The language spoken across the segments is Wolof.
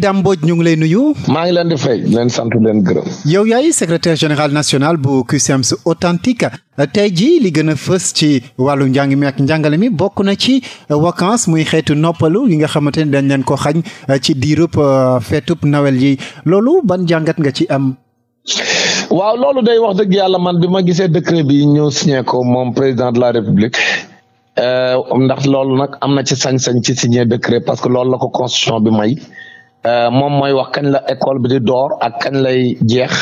Dame Mbodj ngi lay nuyu. maa ngi leen di fay leen sant leen gërëm. yow yaay secrétaire général national bu CUSEMS authentique tey jii li gën a fës ci wàllu njàng mi ak njàngale mi bokk na ci euh, vacances muy xeetu noppalu yi nga xamante ne dañ leen ko xañ euh, ci diirub euh, feetub nawel yi loolu ban jàngat nga ci am. waaw loolu day wax dëgg yàlla man bi ma gisee décret bi ñëw signé ko moom président de la république. ndax loolu nag am na ci sañ-sañ ci signé décret parce que loolu la ko constitution bi may. Euh, moom mooy wax kañ la école bi di door ak kañ lay jeex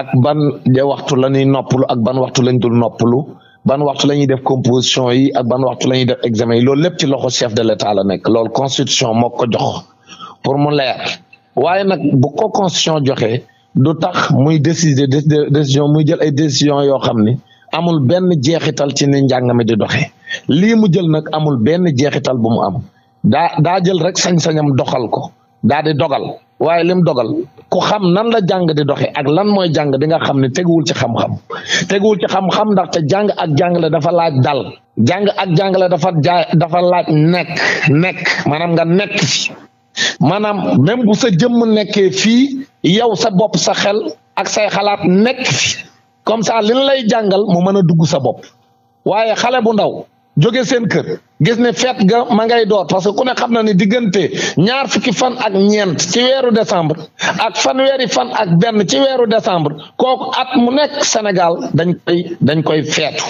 ak ban waxtu la ñuy noppalu ak ban waxtu lañ dul noppalu ban waxtu la ñuy def composition yi ak ban waxtu la ñuy def examen yi loolu lépp ci loxo chef de l'état la nekk loolu constitution moo ko jox pour mu leer waaye nag bu ko constitution joxee du tax muy décider décision muy jël ay décision yoo xam ni amul benn jeexital ci ni njàng mi di doxee lii mu jël nag amul benn jeexital bu mu am daa daa jël rek sañ-sañam doxal ko daa di dogal waaye lim dogal ku xam nan la jàng di doxe ak lan mooy jàng di nga xam ne teguwul ci xam-xam teguwul ci xam ndaxte jàng ak jàngale dafa laaj dal jàng ak jàngale dafa ja dafa laaj nekk nekk maanaam nga nekk fi maanaam même bu sa jëmm nekkee fii yow sa bopp sa xel ak say xalaat nekk fi comme ça liñ lay jàngal mu mën a dugg sa bopp waaye xale bu ndaw jóge seen kër gis ne feet ga ma ngay door parce que ku ne xam na ni diggante ñaar fukki fan ak ñeent ci weeru décembre ak fanweeri fan ak benn ci weeru décembre kooku at mu nekk Sénégal dañ koy dañ koy feetu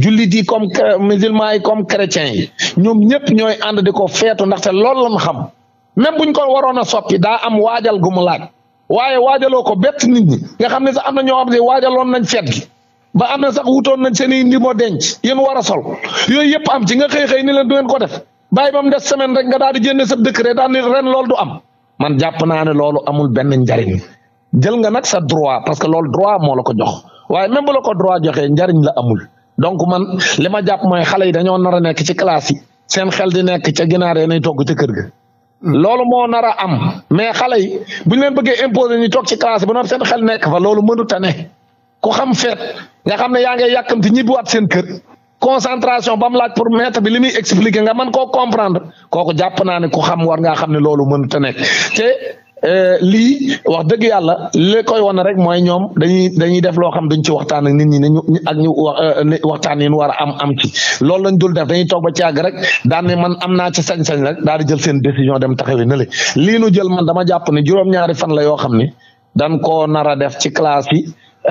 jullit yi comme musulman yi comme chrétien yi ñoom ñëpp ñooy ànd di ko feetu ndaxte loolu lañ xam même buñ ko waroon a soppi daa am waajal gu mu laaj waaye waajaloo ko bett nit ñi nga xam ne sax am na ñoo xam ne waajaloon nañ feet gi ba am na sax wutoon na seen i ndimo denc yéen war a sol yooyu yëpp am ci nga xëy xëy ni leen du ngeen ko def bàyyi ba mu des semaine rek nga daal di jënd sa décret daal ni ren loolu du am man jàpp naa ne loolu amul benn njariñ jël nga nag sa droit parce que loolu droit moo la ko jox waaye même bu la ko droit joxee njariñ la amul donc man li ma jàpp mooy xale yi dañoo nar a nekk ci classe seen xel di nekk ca ginaar yi nay togg ca kër ga. Hmm. loolu moo nar am mais xale yi bu ñu leen bëggee imposer ñu toog ci classe ba noonu seen xel nekk fa loolu mënut a ne ku xam feet nga xam ne yaa ngay yàkkamti ñibbiwaat seen kër concentration ba mu laaj pour maître bi li muy expliquer nga man koo comprendre kooku jàpp naa ne xam war ngaa xam ne loolu mënut a nekk te euh, lii wax dëgg yàlla li koy wane rek mooy ñoom dañuy dañuy def loo xam dañ ci waxtaan ak nit ñi nañu ak ñu euh, waxtaan yi ñu war a am am ci loolu lañ dul def dañuy toog ba ci àgg rek daan man am naa ci sañ-sañ rek daal di jël seen décision dem taxawi na li lii nu jël man dama jàpp ne juróom-ñaari fan la yoo xam ni dañ koo nar ci classe yi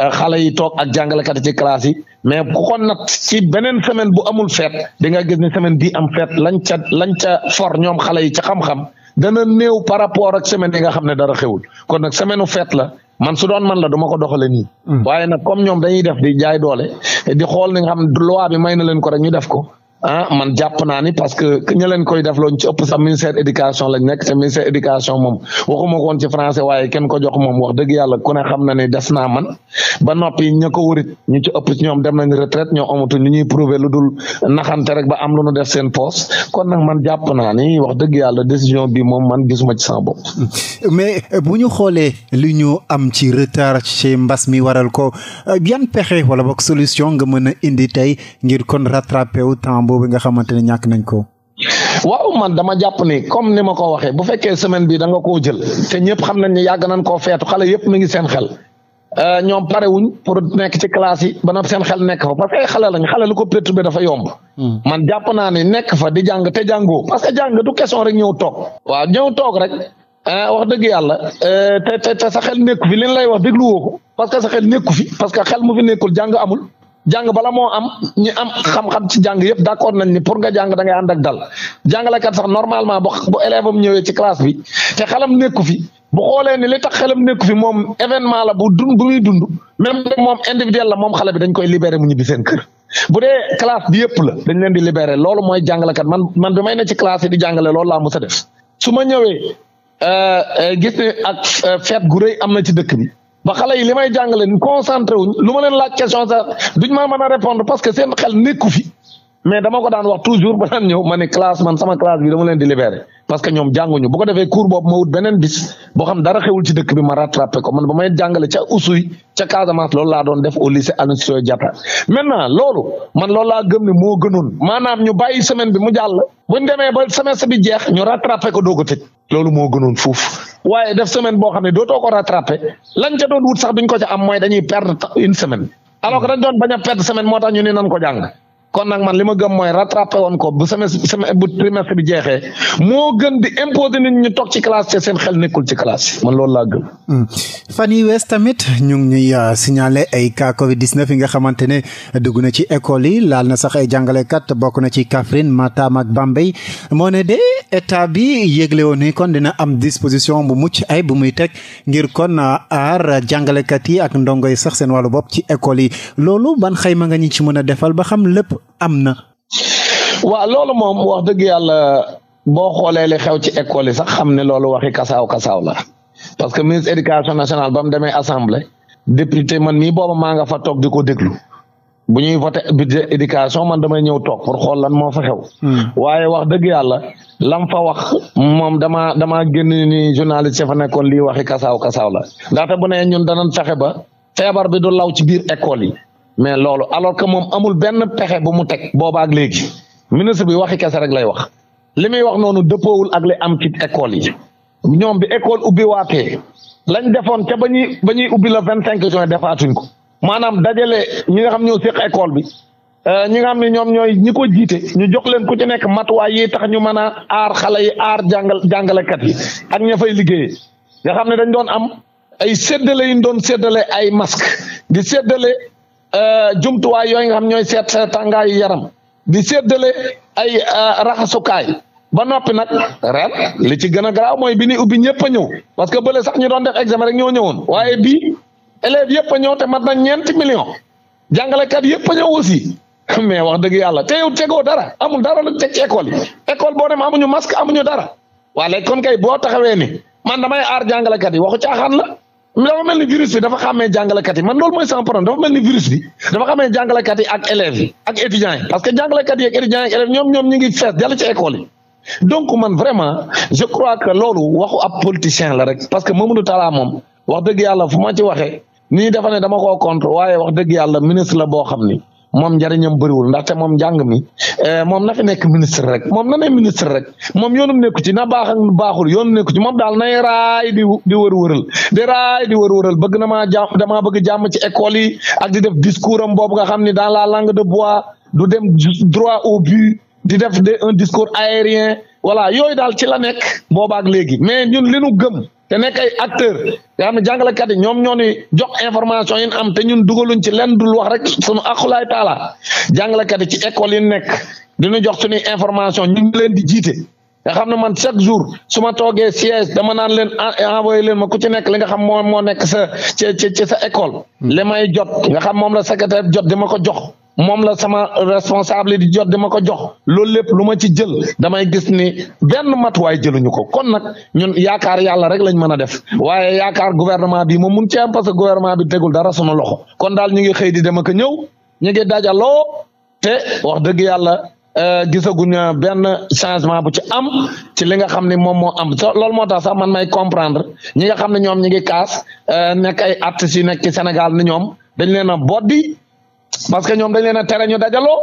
Euh, xale yi toog ak ka ci classe yi mais ku na nat beneen semaine bu amul feet di nga gis ne semaine bii am feet lañ ca lañ ca for ñoom xale yi ca xam-xam dana néew par rapport ak semaine yi nga xam ne dara xewul kon nag semaine u feet la man su doon man la duma ko doxale nii. Mm. waaye na comme ñoom dañuy def di jaay doole di xool ni nga xam loi bi may na leen ko rek ñu def ko. ah man jàpp ni parce que ña koy def looñu ci ëpp sax ministère éducation lañ nekk te ministère éducation moom waxuma ko woon ci français waaye kenn ko jox moom wax dëgg yàlla ku xam na ne des naa man ba noppi ña ko ñu ci ëpp ci ñoom dem nañ retraite ñoo amatuñ lu ñuy prouver lu dul naxante rek ba am lu nu def seen poste kon nag man jàpp naa ni wax dëgg yàlla décision bi moom man gisuma ci sama bopp. mais bu ñu xoolee li ñu am ci retard ci mbas mi waral ko euh, yan pexe wala boog solution nga mën a indi tey ngir boobu nga xamante ne ñàkk nañ ko. waaw man dama jàpp ni comme ni ma ko waxee bu fekkee semaine bi da koo jël te euh, ñoom pare wuñ pour nekk ci classe yi ba seen xel nekk fa parce que ay xale lañ xale lu ko perturbé dafa yomb. Hmm. man jàpp naa ne nekk fa di jàng te jàngoo parce que jàng du question rek ñëw toog. waaw ñëw toog rek euh, wax dëgg yàlla euh, te sa xel nekku fi li lay wax déglu woo ko parce que sa xel nekku fi parce que xel mu fi nekkul jàng amul. jàng bala moo am ñi am xam-xam ci jàng yëpp d'accord nañ ni pour nga jàng da ngay ànd ak dal jàngalekat sax normalement bu bu élève am ñëwee ci classe bi te xelam nekku fi bu xoolee ni li tax xelam nekku fi moom événement la bu dund muy dund même moom individuel la moom xale bi dañ koy libérer mu ñibbi seen kër. bu dee classe bi yëpp la dañ leen di libérer loolu mooy jàngalekat man man bi may na ci classe yi di jàngale loolu laa mës def su ma ñëwee euh, euh, gis ne ak euh, fête gu rëy am na ci dëkk bi. ba xale yi li may jàngale concentré wuñ lu ma leen laaj question sax duñ maa mën a répondre parce que seen xel nekku fi mais dama ko daan wax toujours ba daan ñëw ma ne classe man sama classe bi dama leen di parce que ñoom jànguñu bu ko defee cours boobu ma wut beneen bis boo xam dara xewul ci dëkk bi ma rattrapé ko man ba may jàngale ca Oussouye ca Casamance loolu laa doon def au lycée Aline Sitoé Diatta loolu man loolu laa gëm ne moo gënoon maanaam ñu bàyyi semaine bi mu jàll buñ demee ba semestre bi jeex ñu rattrapé ko doo ko tëj loolu moo gënoon fuuf waaye def semaine boo xam ne dootoo ko rattrapé lañ ca doon wut sax am mooy dañuy perdre une semaine alors que a perdre semaine moo tax ñu ne nan ko jàng kon nag man li ma gëm mooy rattrapé woon ko bu semestre semestre bu trimestre bi jeexee moo gën di imposer nit ñu toog ci classe te seen xel nekkul ci classe man loolu laa gëm. Hmm. fan yi wees tamit ñu ngi ñuy euh, signaler ay cas Covid 19 yi nga xamante ne dugg na ci école yi laal na sax ay jàngalekat bokk na ci Kaffrine Matam ak Bambey moo ne de état bi yëgle woon ni kon dina am disposition bu mucc ay bu muy teg ngir kon euh, aar jàngalekat yi ak ndongo yi sax seen walu bopp ci école yi loolu ban xayma nga ñu ci mën a defal ba xam lépp. am na. waaw loolu moom wax dëgg yàlla boo xoolee li xew ci école yi sax xam ne loolu waxi kasaaw kasaaw la parce que ministre éducation nationale ba mu demee assemblée député man mii booba maa nga fa toog di ko déglu bu ñuy voté budget éducation man damay ñëw toog pour xool lan moo fa xew. Hmm. waaye wax dëgg yàlla lam fa wax moom dama damaa génn ni journaliste yi fa nekkoon lii waxi kasaaw kasaaw la ndaxte bu ne fexe ba feebar bi du law ci biir école yi. mais loolu alors que moom amul benn pexe bu mu teg boobaak léegi ministre bi waxi kese rek lay wax li muy wax noonu dëppoowul ak li am ci école yi ñoom bi école ubbi waatee lañ defoon ca ba ñuy ba ñuy ubbi la vingt cinq juin defaatuñ ko maanaam dajale ñi nga xam ñoo séq école bi euh, ñi nga xam ne ñoom ñooy ñi ko jiite ñu jox leen ku ci nekk matuwaay yi tax ñu mën a aar xale yi aar jàngal jàngalekat yi ak ña fay liggéeyee nga xam ne dañ doon am ay séddale yi ñu doon séddale ay masque di séddale Euh, jumtuwaay yooyu nga xam ñooy seet seet tàngaayu yaram di séddale ay euh, raxasukaay ba noppi nag ren li ci gën a garaaw mooy bi ni ubbi ñëpp ñëw parce que bële sax ñu doon def examen rek ñoo ñëwoon waaye bii élèves yëpp a ñëw te mat nañ ñeenti million jàngalekat yëpp a ñëw aussi mais wax dëgg yàlla te yow tegoo dara amul dara la teg ci école yi école boo dem amuñu masque amuñu dara waala kon kay boo taxawee ni man damay aar jàngalekat yi waxu caaxaan la dafa mel ni virus bi dafa xàmmee jàngalekat yi man loolu mooy sama problème dafa mel ni virus bi dafa xàmmee jàngalekat yi ak élèves yi ak étudiants parce que jàngalekat yi ak étudiants yi ak élèves ñoom ñoom ñu ngi fees jàll ci école yi donc man vraiment je crois que loolu waxu a politicien la rek parce que Mamadou Talla moom wax dëgg yàlla fu ma ci waxee nii dafa ne dama koo contre waaye wax dëgg yàlla ministre la boo xam ni moom njariñam bëriwul ndaxte moom njàng mi eh, moom na nekk ministre rek moom na ne ministre rek moom yoonum nekku ci na baax ak baaxul yoonu nekku ci moom daal na raay di di wëral di raay di wër wëral bëgg na maa jàmm damaa bëgg jàmm ci école yi ak di def discours am boobu nga xam ni dans la langue de bois du dem droit au but di def un discours aérien voilà yooyu daal ci la nekk boobaak léegi mais ñun li nu gëm te nekk ay acteur nga xam ne jàngalekat yi ñoom ñoo ni jox information yi am te ñun dugaluñ ci lenn dul wax rek sunu akulaay taala jàngalekat yi ci école yi nekk dina jox suñuy information ñu leen di jiite nga xam ne man chaque jour su ma toogee siège dama naan leen eh, envoyé leen ma ku ci nekk li nga xam moo moo nekk sa ci ci sa école hmm. li jot nga xam moom la secrétaire jot di ma ko jox moom la sama responsable di jot dama ko jox loolu lépp lu ma ci jël damay gis ni benn matuwaay jëluñu ko kon nag ñun yaakaar yàlla rek lañ mën a def waaye yaakaar gouvernement bi moom mu ci am parce que gouvernement bi tegul dara sunu loxo kon daal ñu xëy di dem ak ñëw ñu ngi dajaloo wax dëgg yàlla euh, gisaguñu benn changement bu ci am ci li nga xam ne moom moo am lool moo tax sax man may comprendre ñi nga xam ne ñoom ñu ngi kaas euh, nekk ay artistes yu nekk ci Sénégal ni ñoom dañ leen a boddi parce que ñoom dañ leen a tere ñu dajaloo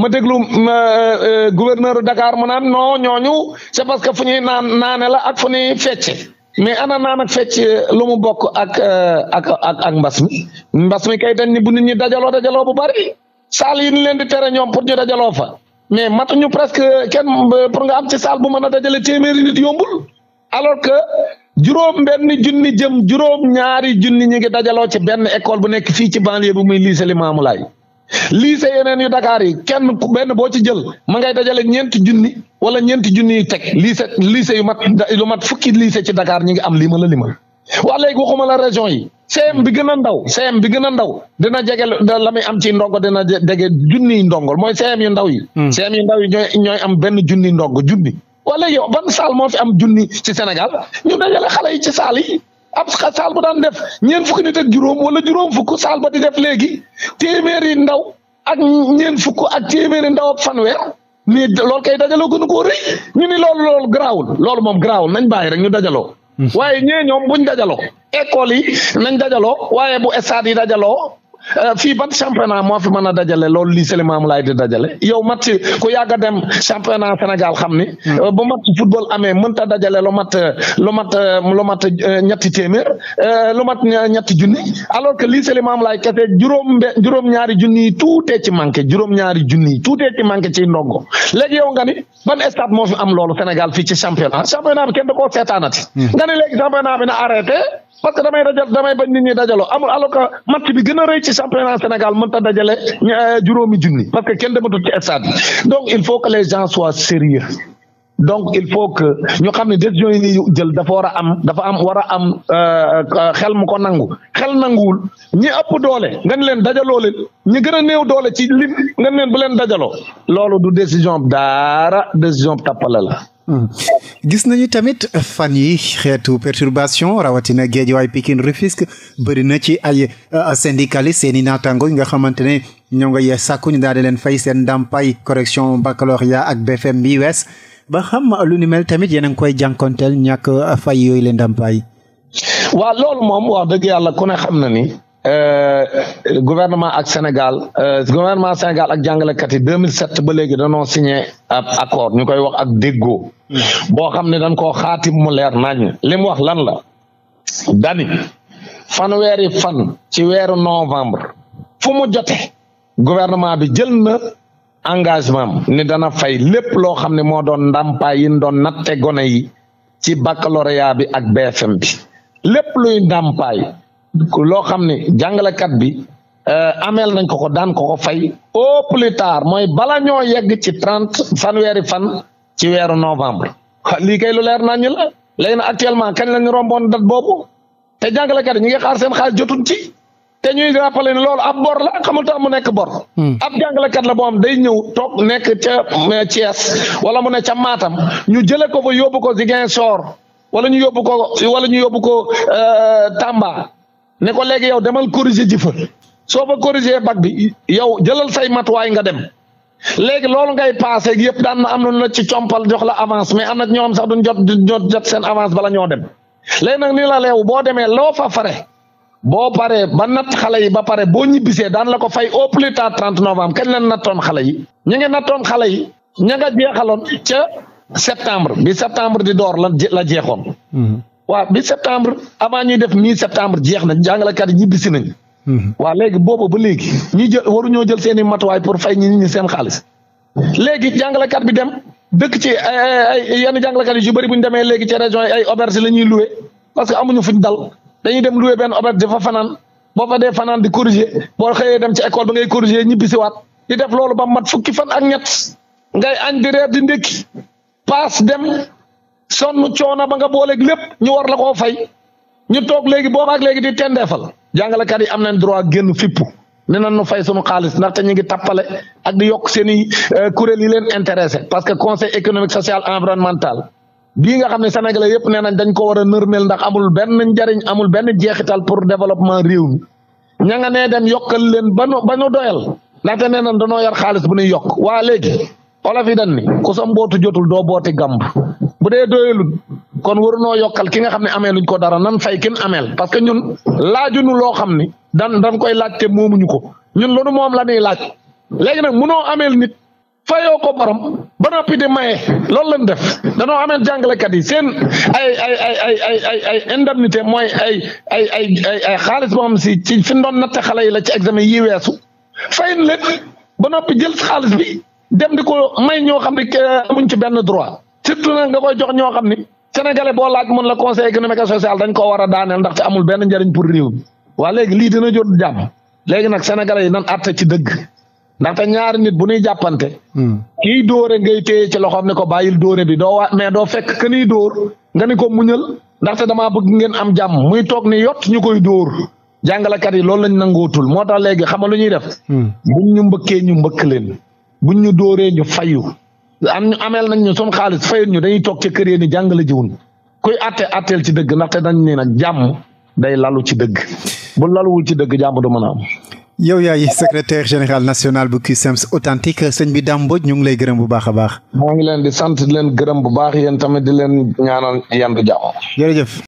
ma déglu euh, euh, gouverneur Dakar mu naan noo ñooñu c'est parce que fu ñuy naan naane la ak fu ñuy fecce mais ana naan ak fecc lu mu bokk ak euh, ak ak ak mbas mi mbas mi kay dañ bu nit ñi dajaloo dajaloo bu bari saal yi ñu leen di tere ñoom pour ñu dajaloo fa mais ñu presque kenn pour nga am ci saal bu mën a dajalee téeméeri nit yombul alors que. juróom benn junni jëm juróom ñaari junni ñi ngi dajaloo ci benn école bu nekk fii ci banlieue bu muy lycée Limamou Laye lycée yeneen yu Dakar yi kenn ku benn boo ci jël ma ngay dajale ñeenti junni wala ñeenti junni yi teg lycée lycée yu mat lu mat fukki lycée ci dakaar ñi ngi am lima la lima waa léegi waxuma la région yi CM bi gën a ndaw CM bi gën a ndaw dina jege la muy am ci ndongo dina jege junniy ndongol mooy CM yu ndaw yi. Hmm. CM yu ndaw yi ñooy am benn junni ndongo junni. wala yow ban saal moo fi am junni ci Sénégal ñu dajale xale yi ci saal yi ab saal bu daan def ñeen fukki nit ak juróom wala juróom fukk saal ba di def léegi téeméeri ndaw ak ñeen fukk ak téeméeri ndaw ak fanweer nii loolu kay dajaloo gënu koo rëy ñu ni loolu loolu garaawul loolu moom garaawul nañ bàyyi rek ñu dajaloo. Hmm. waaye ñee ñoom buñ dajaloo école yi nañ dajaloo waaye bu stade yi dajaloo Euh, fii ban championnat moo fi mën a dajale loolu lii Sëriñ Maamu Laay di dajale yow match ku yàgg a dem championnat Sénégal xam ni. Hmm. Euh, bu match football amee mënta dajale lu mat euh, lu mat lu mat ñetti téeméer lu mat ñetti junni alors que lii Sëriñ Maamu Laay kese juróom be juróom-ñaari junni yi tuutee ci manqué juróom-ñaari junni yi tuutee ci manqué ci ndongo léegi yow nga ni ban stade moo fi am loolu Sénégal fii ci championnat championnat bi kenn da koo seetaanati. Hmm. nga léegi championnat bi na arrêté. parce que damay dajal damay bañ nit ñi dajaloo amul alors que match bi gën a rëy ci championnat Sénégal mën ta dajale euh, juróomi junni parce que kenn dematul ci stade bi donc il faut que les gens soient sérieux donc il faut que ñoo xam ne décision yi ñu jël dafa war a am dafa am war a am euh, xel mu ko nangu xel nanguwul ñi ëpp doole nga ne leen dajaloo leen ñi gën a néew doole ci lim nga ne leen bu leen dajaloo loolu du décision dara décision tappale la Hmm. gis nañu tamit fan yi xeetu perturbation rawatina Guédiawaye Pikine Rufisque bëri na ci ay euh, syndicalistes seen i naataango yi nga xamante ne ñoo nga yee sàkku ñu daal di leen fay seen ndàmpaay correction baccalauréat ak BFM bi wees ba xam lu ni mel tamit yéen a ngi koy jànkonteel ñàkk fay yooyu leen ndàmpaay. waaw loolu moom wax dëgg yàlla ku ne xam na ni. Euh, gouvernement ak Sénégal euh, gouvernement Sénégal ak jàngalekat yi 2007 ba léegi danoo signé ab accord ñu koy wax ak dégo hmm. boo xam ne dañ koo xaatim mu leer nañ li mu wax lan la dani fanweeri fan ci weeru novembre fu mu gouvernement bi jël na engagement ni dana fay lépp loo xam ne moo doon ndàmpaay yi doon natte gone yi ci baccalauréat bi ak BFM bi lépp luy ndàmpaay loo xam ne jàngalekat bi euh, ameel nañ ko ko daan ko ko fay au plus tard mooy bala ñoo yegg ci trente fanweeri fan ci weeru novembre lii kay lu leer naa ñu la léegi actuellement kañ la ñu romboon date boobu te jàngalekat yi ñu ngi xaar seen xaalis jotuñ ci te ñuy rappelé ne loolu ab bor la xamul tax mu nekk bor. Hmm. ab jàngalekat la boo xam day ñëw to nekk ca euh, Thiès wala mu ne ca Matam ñu jëlee ko fa yóbbu ko Ziguinchor wala ñu yóbbu ko wala ñu yóbbu ko euh, Tamba. ne ko léegi yow demal corriger ji fa soo fa corriger bac bi yow jëlal say matuwaay nga dem léegi loolu ngay passé yëpp daan na am na na ci compal jox la avance mais am na ñoo sax duñ jot duñ jot seen avance bala ñoo dem léegi nag nii la leew boo demee loo fa fare boo paree ba natt xale yi ba pare boo ñibbisee daan la ko fay au plus tard trente novembre kañ leen toon xale yi ñu nat toon xale yi ña nga jeexaloon ca septembre bi septembre di door la la jeexoon. Mm-hmm. waaw bi septembre avant ñuy def mi septembre jeex na jàngalekat yi ñibbisi nañ. Mhm. waaw léegi boobu ba léegi. ñi jël waruñoo jël seen i matuwaay pour fay ñi ñi seen xaalis léegi jàngalekat bi dem dëkk ci ay yenn jàngalekat yi yu bëri bu ñu demee léegi ci région yi ay auberge la ñuy loué parce que amuñu fuñ dal dañuy dem loué benn auberge dafa fanaan boo fa dee fanaan di corriger boo xëyee dem ci école ba ngay corriger waat di def loolu ba mat fukki fan ak ñett ngay añ di di ndékki sonn coono ba nga booleeg lépp ñu war la koo fay ñu toog léegi boobaak léegi di tendeefal jàngalekat yi am nañ droit génn fippu ne nan nu fay sunu xaalis ndaxte ñu ngi tappale ak di yokk seen i euh, kuréel yi leen intéressé parce que conseil économique social environnemental bii nga xam ne sénégalais yëpp nee nañ dañ ko war a nërmeel ndax amul benn njariñ amul benn jeexital pour développement réew mi ña nga nee dem yokkal leen ba nu ba nu doyal ndaxte nee nañ danoo yar xaalis bu ñuy yokk waa léegi olof yi dañ ni ku sa jotul doo booti gàmb bu dee doyalul kon noo yokkal ki nga xam ne amee luñ ko dara nan fay kin ameel parce que ñun laajunu loo xam ni dan dan koy laaj te moomuñu ko ñun loolu moom la ñuy laaj léegi nag munoo ameel nit fayoo ko borom ba noppi de maye loolu lañ def danoo ameel jàngalekat yi seen ay ay ay ay ay ay ay indemnité mooy ay ay ay ay ay xaalis boo xam si ci fi doon natte xale yi la ci examen yi weesu fayin leen ba noppi jël xaalis bi dem di ko may ñoo xam ne amuñ ci benn droit surtout na nga koy jox ñoo xam ni sénégalais boo laaj mën la conseil économique et social dañ koo war a daaneel ndax ci amul benn njëriñ pour réew mi waa léegi lii dina jot jàmm léegi nag sénégalais yi nan àtte ci dëgg ndaxte ñaari nit bu ñuy jàppante. Hmm. kii dóore ngay téye ci loxoom ne ko bàyyil dóore bi doo mais doo fekk que ni dóor nga ni ko muñal ndaxte damaa bëgg ngeen am jàmm muy toog ni yott ñu koy dóor jàngalekat yi loolu lañ nangootul moo tax léegi xam nga lu ñuy def. Hmm. buñ ñu mbëkkee ñu mbëkk leen buñ ñu dóoree ñu fayu am ameel nañ ñu xaalis fayut ñu dañuy toog ca kër yi ni jàngale jiwuñ kuy atte ateel ci dëgg ndaxte dañ ne nag jàmm day lalu ci dëgg bu laluwul ci dëgg jàmm du mën a am. yow yaay secrétaire général national bu CUSEMS authentique sëñ bi Dame Mbodj ñu ngi lay gërëm bu baax a baax. maa ngi leen di sant leen gërëm bu baax yéen tamit di leen ñaanal yendu jàmm. jërëjëf.